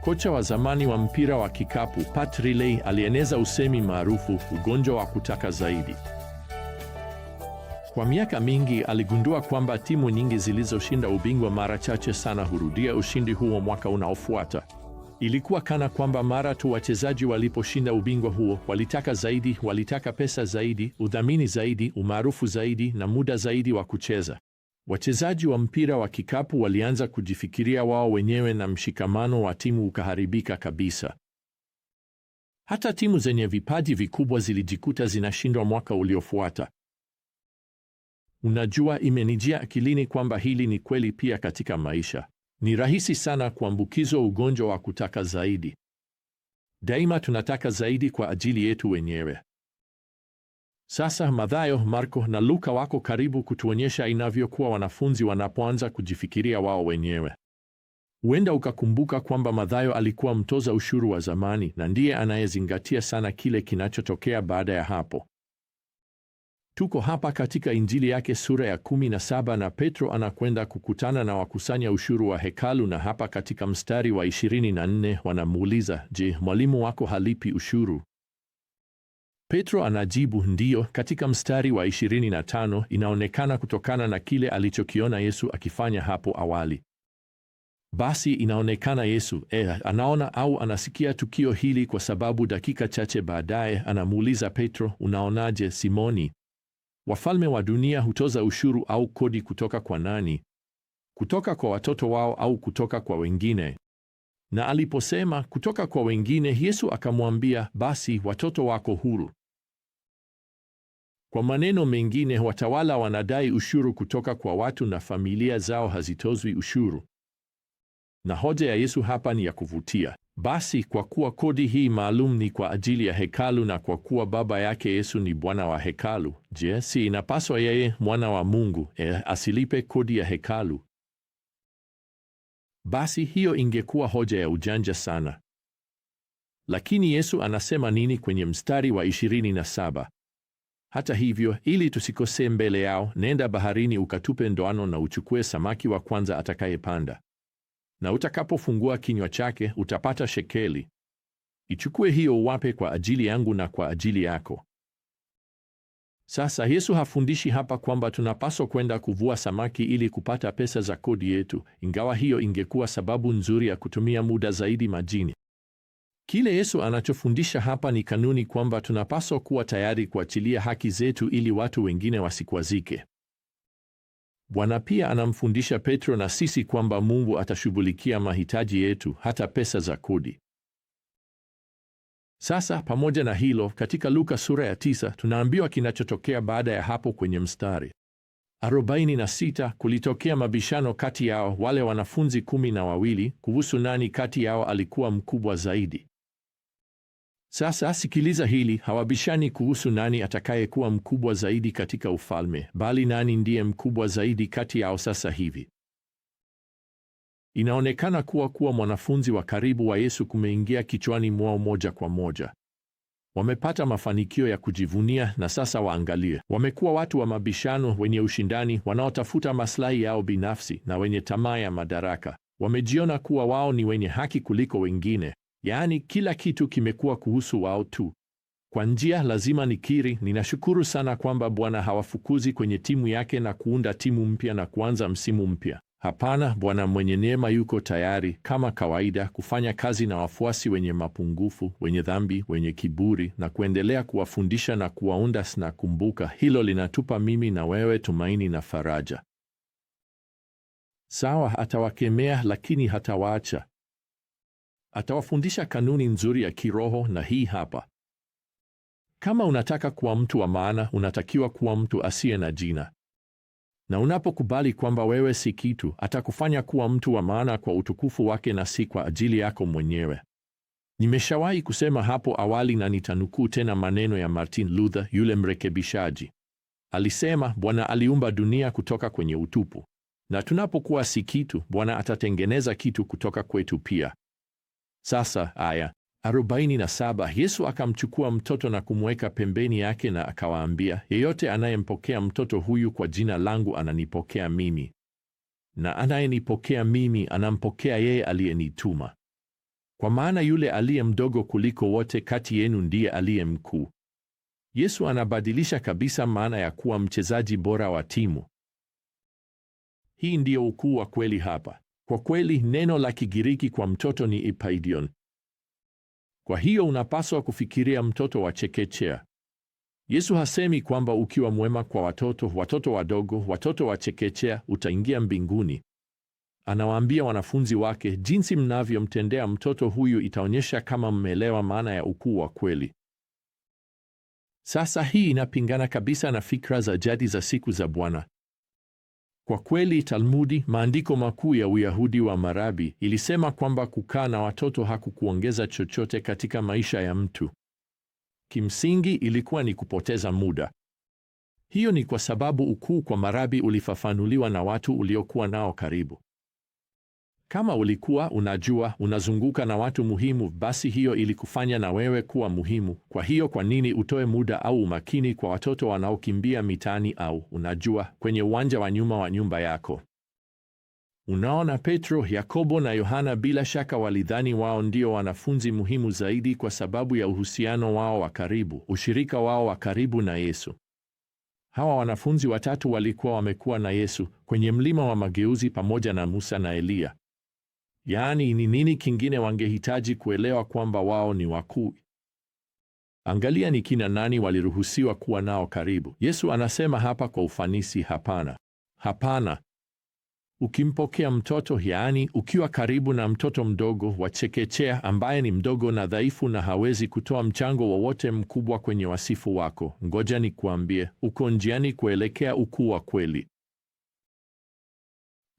Kocha wa zamani wa mpira wa kikapu Pat Riley alieneza usemi maarufu ugonjwa wa kutaka zaidi. Kwa miaka mingi aligundua kwamba timu nyingi zilizoshinda ubingwa mara chache sana hurudia ushindi huo mwaka unaofuata. Ilikuwa kana kwamba mara tu wachezaji waliposhinda ubingwa huo, walitaka zaidi, walitaka pesa zaidi, udhamini zaidi, umaarufu zaidi na muda zaidi wa kucheza. Wachezaji wa mpira wa kikapu walianza kujifikiria wao wenyewe na mshikamano wa timu ukaharibika kabisa. Hata timu zenye vipaji vikubwa zilijikuta zinashindwa mwaka uliofuata. Unajua, imenijia akilini kwamba hili ni kweli pia katika maisha. Ni rahisi sana kuambukizwa ugonjwa wa kutaka zaidi. Daima tunataka zaidi kwa ajili yetu wenyewe. Sasa Mathayo, Marko na Luka wako karibu kutuonyesha inavyokuwa wanafunzi wanapoanza kujifikiria wao wenyewe. Huenda ukakumbuka kwamba Mathayo alikuwa mtoza ushuru wa zamani na ndiye anayezingatia sana kile kinachotokea baada ya hapo. Tuko hapa katika Injili yake sura ya 17 na Petro anakwenda kukutana na wakusanya ushuru wa hekalu, na hapa katika mstari wa 24 wanamuuliza, je, mwalimu wako halipi ushuru? Petro anajibu ndiyo. Katika mstari wa 25 inaonekana kutokana na kile alichokiona Yesu akifanya hapo awali. Basi inaonekana Yesu eh, anaona au anasikia tukio hili, kwa sababu dakika chache baadaye anamuuliza Petro, unaonaje Simoni, wafalme wa dunia hutoza ushuru au kodi kutoka kwa nani? Kutoka kwa watoto wao au kutoka kwa wengine? Na aliposema kutoka kwa wengine, Yesu akamwambia, basi watoto wako huru. Kwa maneno mengine, watawala wanadai ushuru kutoka kwa watu na familia zao hazitozwi ushuru. Na hoja ya Yesu hapa ni ya kuvutia. Basi kwa kuwa kodi hii maalum ni kwa ajili ya hekalu na kwa kuwa baba yake Yesu ni Bwana wa hekalu, je, si inapaswa yeye mwana wa Mungu e, asilipe kodi ya hekalu? Basi hiyo ingekuwa hoja ya ujanja sana. Lakini Yesu anasema nini kwenye mstari wa 27? Hata hivyo, ili tusikosee mbele yao, nenda baharini ukatupe ndoano na uchukue samaki wa kwanza atakayepanda, na utakapofungua kinywa chake utapata shekeli. Ichukue hiyo uwape kwa ajili yangu na kwa ajili yako. Sasa Yesu hafundishi hapa kwamba tunapaswa kwenda kuvua samaki ili kupata pesa za kodi yetu, ingawa hiyo ingekuwa sababu nzuri ya kutumia muda zaidi majini. Kile Yesu anachofundisha hapa ni kanuni kwamba tunapaswa kuwa tayari kuachilia haki zetu ili watu wengine wasikwazike. Bwana pia anamfundisha Petro na sisi kwamba Mungu atashughulikia mahitaji yetu hata pesa za kodi. Sasa pamoja na hilo, katika Luka sura ya tisa tunaambiwa kinachotokea baada ya hapo. Kwenye mstari sita kulitokea mabishano kati yao wale wanafunzi kumi na wawili kuhusu nani kati yao alikuwa mkubwa zaidi. Sasa sikiliza hili, hawabishani kuhusu nani atakayekuwa mkubwa zaidi katika ufalme, bali nani ndiye mkubwa zaidi kati yao sasa hivi. Inaonekana kuwa kuwa mwanafunzi wa karibu wa Yesu kumeingia kichwani mwao moja kwa moja. Wamepata mafanikio ya kujivunia, na sasa waangalie, wamekuwa watu wa mabishano, wenye ushindani, wanaotafuta maslahi yao binafsi na wenye tamaa ya madaraka. Wamejiona kuwa wao ni wenye haki kuliko wengine. Yaani kila kitu kimekuwa kuhusu wao tu. Kwa njia, lazima nikiri, ninashukuru sana kwamba Bwana hawafukuzi kwenye timu yake na kuunda timu mpya na kuanza msimu mpya. Hapana, Bwana mwenye neema yuko tayari kama kawaida kufanya kazi na wafuasi wenye mapungufu, wenye dhambi, wenye kiburi na kuendelea kuwafundisha na kuwaunda. Na kumbuka, hilo linatupa mimi na wewe tumaini na faraja. Sawa, atawakemea lakini hatawaacha atawafundisha kanuni nzuri ya kiroho, na hii hapa: kama unataka kuwa mtu wa maana, unatakiwa kuwa mtu asiye na jina, na unapokubali kwamba wewe si kitu, atakufanya kuwa mtu wa maana kwa utukufu wake na si kwa ajili yako mwenyewe. Nimeshawahi kusema hapo awali na nitanukuu tena maneno ya Martin Luther, yule mrekebishaji. Alisema, Bwana aliumba dunia kutoka kwenye utupu, na tunapokuwa si kitu, Bwana atatengeneza kitu kutoka kwetu pia. Sasa aya arobaini na saba Yesu akamchukua mtoto na kumweka pembeni yake na akawaambia, yeyote anayempokea mtoto huyu kwa jina langu ananipokea mimi, na anayenipokea mimi anampokea yeye aliyenituma. Kwa maana yule aliye mdogo kuliko wote kati yenu ndiye aliye mkuu. Yesu anabadilisha kabisa maana ya kuwa mchezaji bora wa timu. Hii ndiyo ukuu wa kweli hapa. Kwa kweli neno la Kigiriki kwa mtoto ni epaidion. Kwa hiyo unapaswa kufikiria mtoto wa chekechea. Yesu hasemi kwamba ukiwa mwema kwa watoto, watoto wadogo, watoto wa chekechea utaingia mbinguni. Anawaambia wanafunzi wake, jinsi mnavyomtendea mtoto huyu itaonyesha kama mmeelewa maana ya ukuu wa kweli. Sasa hii inapingana kabisa na fikra za jadi za siku za Bwana kwa kweli Talmudi, maandiko makuu ya Uyahudi wa Marabi, ilisema kwamba kukaa na watoto hakukuongeza chochote katika maisha ya mtu. Kimsingi ilikuwa ni kupoteza muda. Hiyo ni kwa sababu ukuu kwa Marabi ulifafanuliwa na watu uliokuwa nao karibu. Kama ulikuwa unajua unazunguka na watu muhimu, basi hiyo ilikufanya na wewe kuwa muhimu. Kwa hiyo kwa nini utoe muda au umakini kwa watoto wanaokimbia mitaani au unajua, kwenye uwanja wa nyuma wa nyumba yako? Unaona, Petro, Yakobo na Yohana bila shaka walidhani wao ndio wanafunzi muhimu zaidi kwa sababu ya uhusiano wao wa karibu, ushirika wao wa karibu na Yesu. Hawa wanafunzi watatu walikuwa wamekuwa na Yesu kwenye mlima wa mageuzi pamoja na Musa na Eliya. Yaani, ni nini kingine wangehitaji kuelewa kwamba wao ni wakuu? Angalia ni kina nani waliruhusiwa kuwa nao karibu. Yesu anasema hapa kwa ufanisi, hapana, hapana. Ukimpokea mtoto, yaani ukiwa karibu na mtoto mdogo wa chekechea ambaye ni mdogo na dhaifu na hawezi kutoa mchango wowote mkubwa kwenye wasifu wako, ngoja nikuambie, uko njiani kuelekea ukuu wa kweli.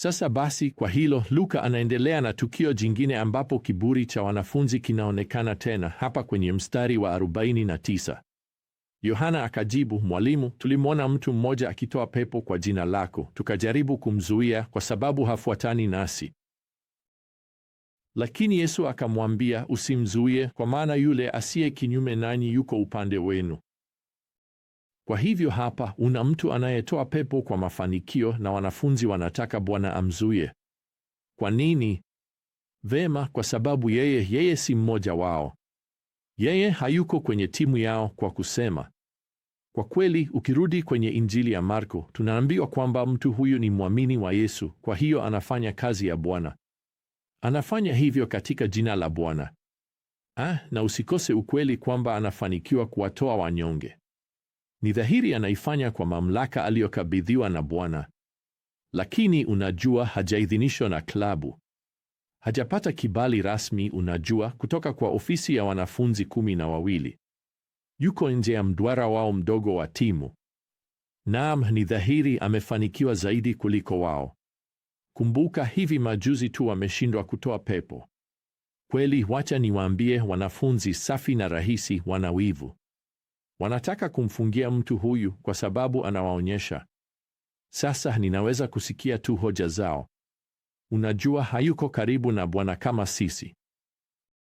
Sasa basi, kwa hilo Luka anaendelea na tukio jingine ambapo kiburi cha wanafunzi kinaonekana tena, hapa kwenye mstari wa 49. Yohana akajibu, Mwalimu, tulimwona mtu mmoja akitoa pepo kwa jina lako, tukajaribu kumzuia kwa sababu hafuatani nasi. Lakini Yesu akamwambia, usimzuie, kwa maana yule asiye kinyume nanyi yuko upande wenu. Kwa hivyo hapa una mtu anayetoa pepo kwa mafanikio na wanafunzi wanataka Bwana amzuie. Kwa nini? Vema, kwa sababu yeye yeye si mmoja wao. Yeye hayuko kwenye timu yao kwa kusema. Kwa kweli, ukirudi kwenye Injili ya Marko, tunaambiwa kwamba mtu huyu ni mwamini wa Yesu, kwa hiyo anafanya kazi ya Bwana. Anafanya hivyo katika jina la Bwana. Ah, na usikose ukweli kwamba anafanikiwa kuwatoa wanyonge. Ni dhahiri anaifanya kwa mamlaka aliyokabidhiwa na Bwana, lakini unajua, hajaidhinishwa na klabu, hajapata kibali rasmi, unajua, kutoka kwa ofisi ya wanafunzi kumi na wawili. Yuko nje ya mduara wao mdogo wa timu. Naam, ni dhahiri amefanikiwa zaidi kuliko wao. Kumbuka, hivi majuzi tu wameshindwa kutoa pepo. Kweli, wacha niwaambie, wanafunzi safi na rahisi wanawivu Wanataka kumfungia mtu huyu kwa sababu anawaonyesha. Sasa ninaweza kusikia tu hoja zao. Unajua, hayuko karibu na Bwana kama sisi.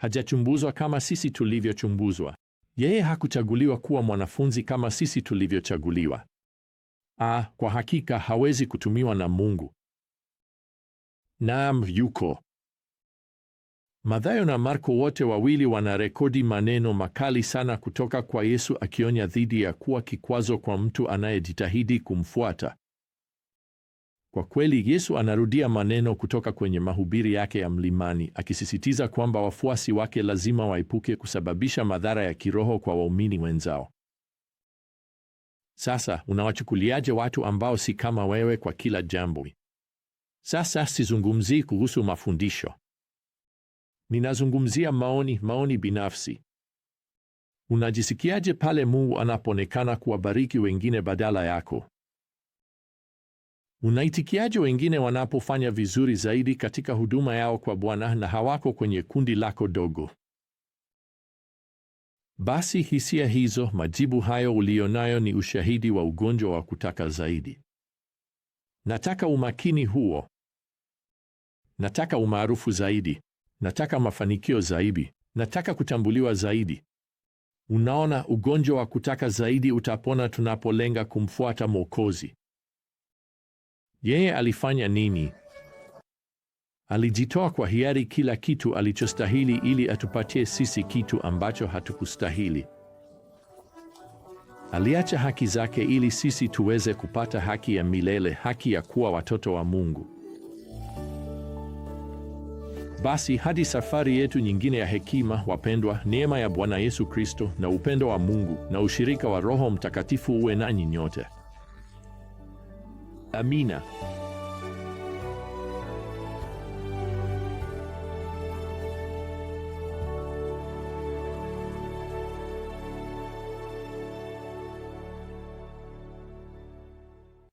Hajachumbuzwa kama sisi tulivyochumbuzwa. Yeye hakuchaguliwa kuwa mwanafunzi kama sisi tulivyochaguliwa. Ah, kwa hakika hawezi kutumiwa na Mungu. Naam, yuko Mathayo na Marko wote wawili wanarekodi maneno makali sana kutoka kwa Yesu akionya dhidi ya kuwa kikwazo kwa mtu anayejitahidi kumfuata. Kwa kweli, Yesu anarudia maneno kutoka kwenye mahubiri yake ya mlimani, akisisitiza kwamba wafuasi wake lazima waepuke kusababisha madhara ya kiroho kwa waumini wenzao. Sasa unawachukuliaje watu ambao si kama wewe kwa kila jambo? Sasa sizungumzii kuhusu mafundisho Ninazungumzia maoni, maoni binafsi. Unajisikiaje pale Mungu anapoonekana kuwabariki wengine badala yako? Unaitikiaje wengine wanapofanya vizuri zaidi katika huduma yao kwa Bwana na hawako kwenye kundi lako dogo? Basi hisia hizo, majibu hayo ulionayo ni ushahidi wa ugonjwa wa kutaka zaidi. Nataka umakini huo. Nataka umaarufu zaidi. Nataka mafanikio zaidi, nataka kutambuliwa zaidi. Unaona, ugonjwa wa kutaka zaidi utapona tunapolenga kumfuata Mwokozi. Yeye alifanya nini? Alijitoa kwa hiari kila kitu alichostahili ili atupatie sisi kitu ambacho hatukustahili. Aliacha haki zake ili sisi tuweze kupata haki ya milele, haki ya kuwa watoto wa Mungu. Basi hadi safari yetu nyingine ya hekima, wapendwa, neema ya Bwana Yesu Kristo na upendo wa Mungu na ushirika wa Roho Mtakatifu uwe nanyi nyote. Amina.